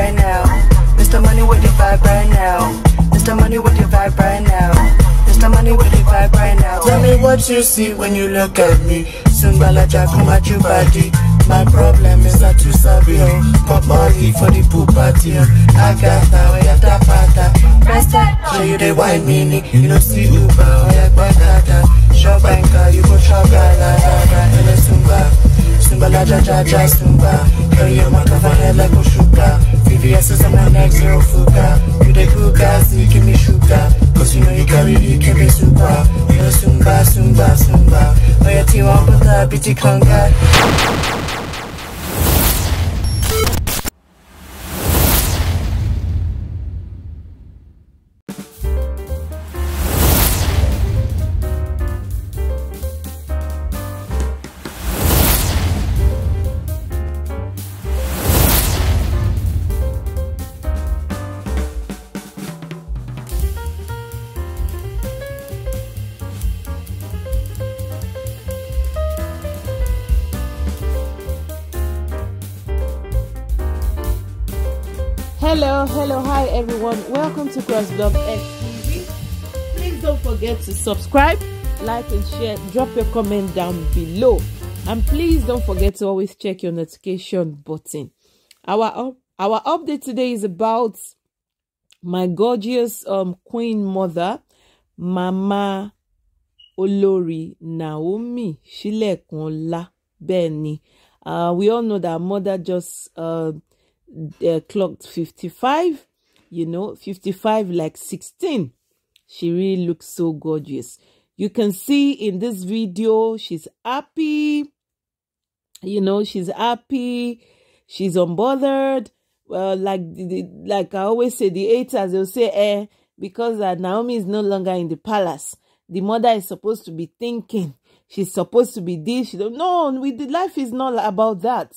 right now. Mr. Money with the vibe right now. Mr. Money with the vibe right now. Mr. Money with the vibe right now. Tell me what you see when you look at me. laja, Jakuma body. My problem is that you sabi oh. Pop money for the poop party oh. Agata, oyata pata. Show you the white meaning. You know see Uber, oya patata. Show banker, you go show la la la Ele sumba, sumba la ja ja ja sumba. Carry your macabre like a sugar i you so on my neck, zero fuka You the good girl, so you give me sugar Cause you know you got it, you can be super You know, sumba, sumba, sumba Oh, your team, I'm with the bitchy conga Hello, hello, hi everyone. Welcome to Crossblog TV. Please don't forget to subscribe, like and share. Drop your comment down below. And please don't forget to always check your notification button. Our our update today is about my gorgeous um queen mother, Mama Olori Naomi Shilekunola Benny. Uh, we all know that mother just uh, uh, clocked 55 you know 55 like 16 she really looks so gorgeous you can see in this video she's happy you know she's happy she's unbothered well like the, like i always say the haters they'll say eh because uh, naomi is no longer in the palace the mother is supposed to be thinking she's supposed to be this she don't, no with the life is not about that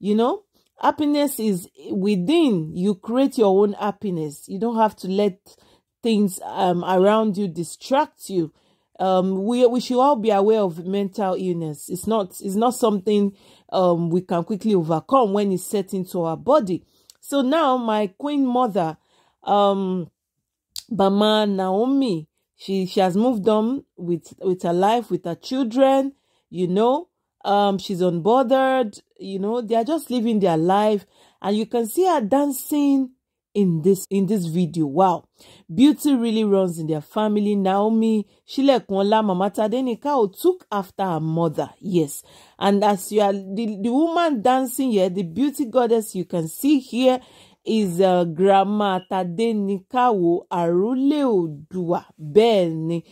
you know Happiness is within. You create your own happiness. You don't have to let things um, around you distract you. Um, we we should all be aware of mental illness. It's not it's not something um, we can quickly overcome when it's set into our body. So now my queen mother, um, Bama Naomi, she she has moved on with with her life, with her children, you know, um she's unbothered you know they are just living their life and you can see her dancing in this in this video wow beauty really runs in their family naomi shilekunla mama tadenika took after her mother yes and as you are the, the woman dancing here the beauty goddess you can see here is uh, grandma Tadenikawo Arole Odua Ben, the,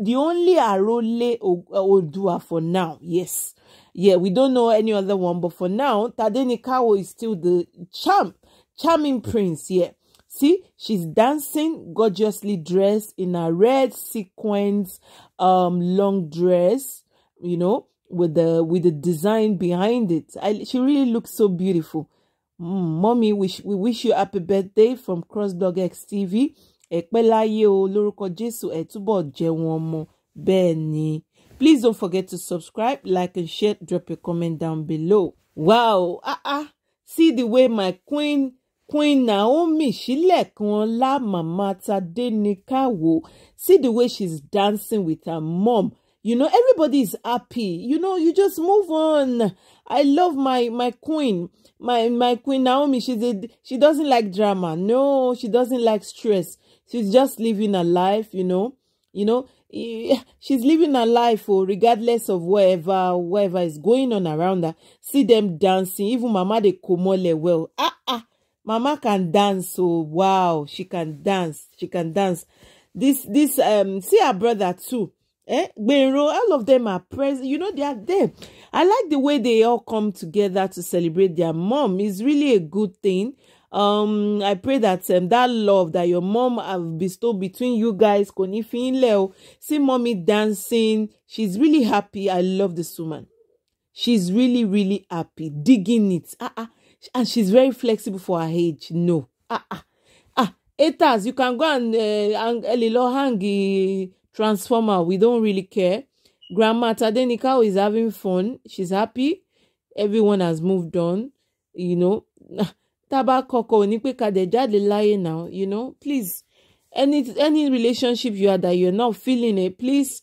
the only Arole uh, Odua for now yes yeah we don't know any other one but for now Tadenikawo is still the charm charming prince yeah See, she's dancing, gorgeously dressed in a red sequins um long dress, you know, with the with the design behind it. I, she really looks so beautiful. mọ́mí we, we wish you happy birthday from crossblog xtv ẹ̀pẹ́ láyé o lórúkọ jésù ẹ̀ túbọ̀ jẹun ọmọ bẹ́ẹ̀ ni please don't forget to subscribe like and share drop a comment down below wow ah ah see the way my queen Queen Naomi Ṣílẹ̀kùnọlá Mama Tadenikawo see the way she's dancing with her mom you know everybody's happy you know you just move on i love my my queen my my queen naomi She did she doesn't like drama no she doesn't like stress she's just living her life you know you know she's living her life oh, regardless of whatever whatever is going on around her see them dancing even mama de komole well ah ah mama can dance oh wow she can dance she can dance this this um see her brother too Eh? Benro, all of them are present. You know, they are there. I like the way they all come together to celebrate their mom. It's really a good thing. Um, I pray that um, that love that your mom have bestowed between you guys, Konifi Leo, see mommy dancing. She's really happy. I love this woman. She's really, really happy, digging it. Ah, ah. And she's very flexible for her age. No. Ah, ah. Ah, haters, you can go and, uh, eh, and, and hang eh, transformer we don't really care grandma tadenikao is having fun she's happy everyone has moved on you know Taba Koko ò ní pé kadẹ now you know please any any relationship you are that you're not feeling it please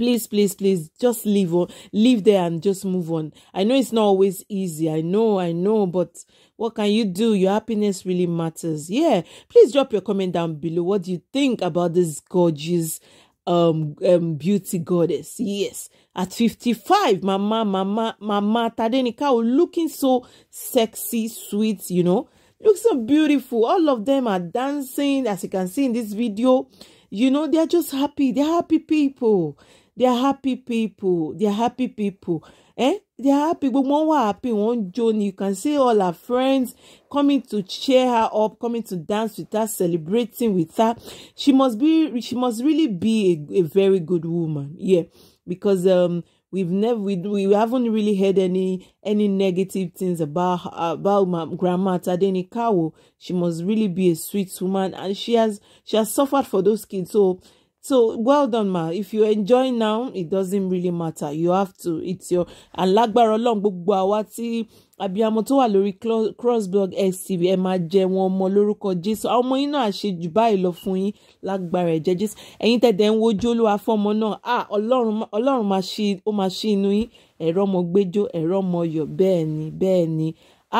please please please just leave on leave there and just move on i know it's not always easy i know i know but what can you do your happiness really matters yeah please drop your comment down below what do you think about this gorgeous um, um beauty goddess yes at 55 mama mama mama tadenika oh, looking so sexy sweet you know looks so beautiful all of them are dancing as you can see in this video you know they're just happy they're happy people they are happy people they are happy people eh they are happy gbogbo wọn wà happy one jó you can see all her friends coming to cheer her up coming to dance with her celebrating with her she must be she must really be a, a very good woman yeah because um we've never we, we haven't really heard any any negative things about about my grandma Tadeni she must really be a sweet woman and she has she has suffered for those kids so So well done ma. If you enjoy now, it doesn't really matter. You have to. It's your alágbára Ọlọ́run gbogbo àwa tí abiyamọ tó wà lórí crossblog stv ẹ máa jẹ wọn ọmọ lórúkọ Jésù àwọn ọmọ yín náà àṣejù báyìí lọ fún yín lágbára ẹ̀jẹ̀ Jésù ẹ̀yin tẹ̀dẹ̀ ń wojú Olúwa fọ́mọ náà à Ọlọ́run máa ṣí ó máa ṣí inú yín ẹ̀rọ ọmọ gbẹ́jọ́ ẹ̀rọ ọmọ yọ̀ bẹ́ẹ̀ ni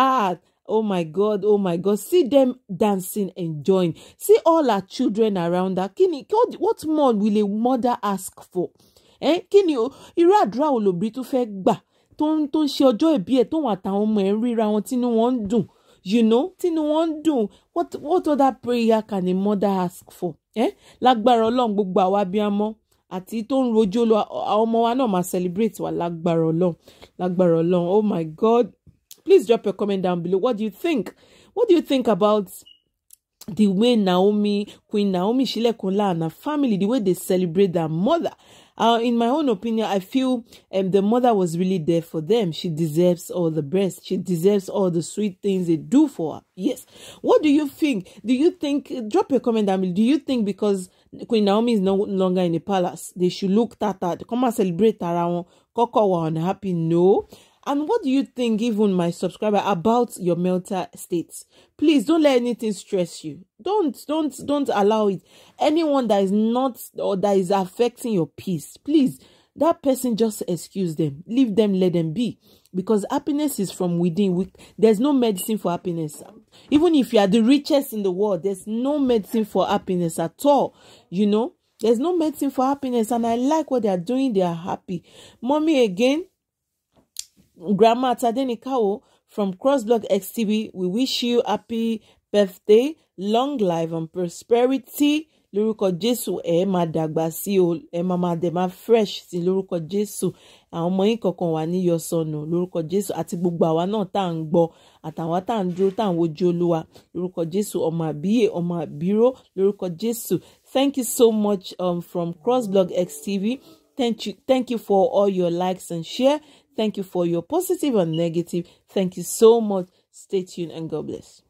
ah Oh my God, oh my God. See them dancing, enjoying. See all our children around her. Kini, what more will a mother ask for? Eh? Kini, irú àdúrà olóbìrí tó fẹ́ gbà tó ń tó ń ṣe ọjọ́ ìbí ẹ̀ tóun àtàwọn ọmọ ẹ̀ ń ríra wọn tínú wọn ń dùn you know tínú wọn ń dùn what what other prayer can a mother ask for? Eh? Lágbára Ọlọ́run gbogbo àwa bíamọ́ àti tó ń rojọ́ lọ àwọn ọmọ wa náà máa celebrate wa lágbára Ọlọ́run lágbára Ọlọ́run oh my God please drop your comment down below. What do you think? What do you think about the way Naomi, Queen Naomi Shilekunla and her family, the way they celebrate their mother? Uh, in my own opinion, I feel um, the mother was really there for them. She deserves all the best. She deserves all the sweet things they do for her. Yes. What do you think? Do you think, drop your comment down below, do you think because Queen Naomi is no longer in the palace, they should look that, that come and celebrate around, Coco and unhappy? No. And what do you think, even my subscriber, about your mental state? Please don't let anything stress you. Don't, don't, don't allow it. Anyone that is not or that is affecting your peace, please, that person just excuse them. Leave them, let them be. Because happiness is from within. We, there's no medicine for happiness. Even if you are the richest in the world, there's no medicine for happiness at all. You know, there's no medicine for happiness. And I like what they are doing. They are happy. Mommy, again, Grandma Tadenikao from Crossblog XTV, we wish you happy birthday, long life and prosperity. lórúkọ jésù ẹ eh, máa dàgbà sí o ẹ máa máa dẹ̀ máa fresh sí lórúkọ jésù àwọn ọmọ yín kankan wà níyọ sọnù lórúkọ jésù àti gbogbo àwa náà tá à ń gbọ́ àtàwọn tá à ń dúró tá à ń wojú olúwa lórúkọ jésù ọmọ àbíyè ọmọ àbíró lórúkọ jésù thank you so much um, from crossblog xtv thank you, thank you for all your likes and share Thank you for your positive and negative. Thank you so much. Stay tuned and God bless.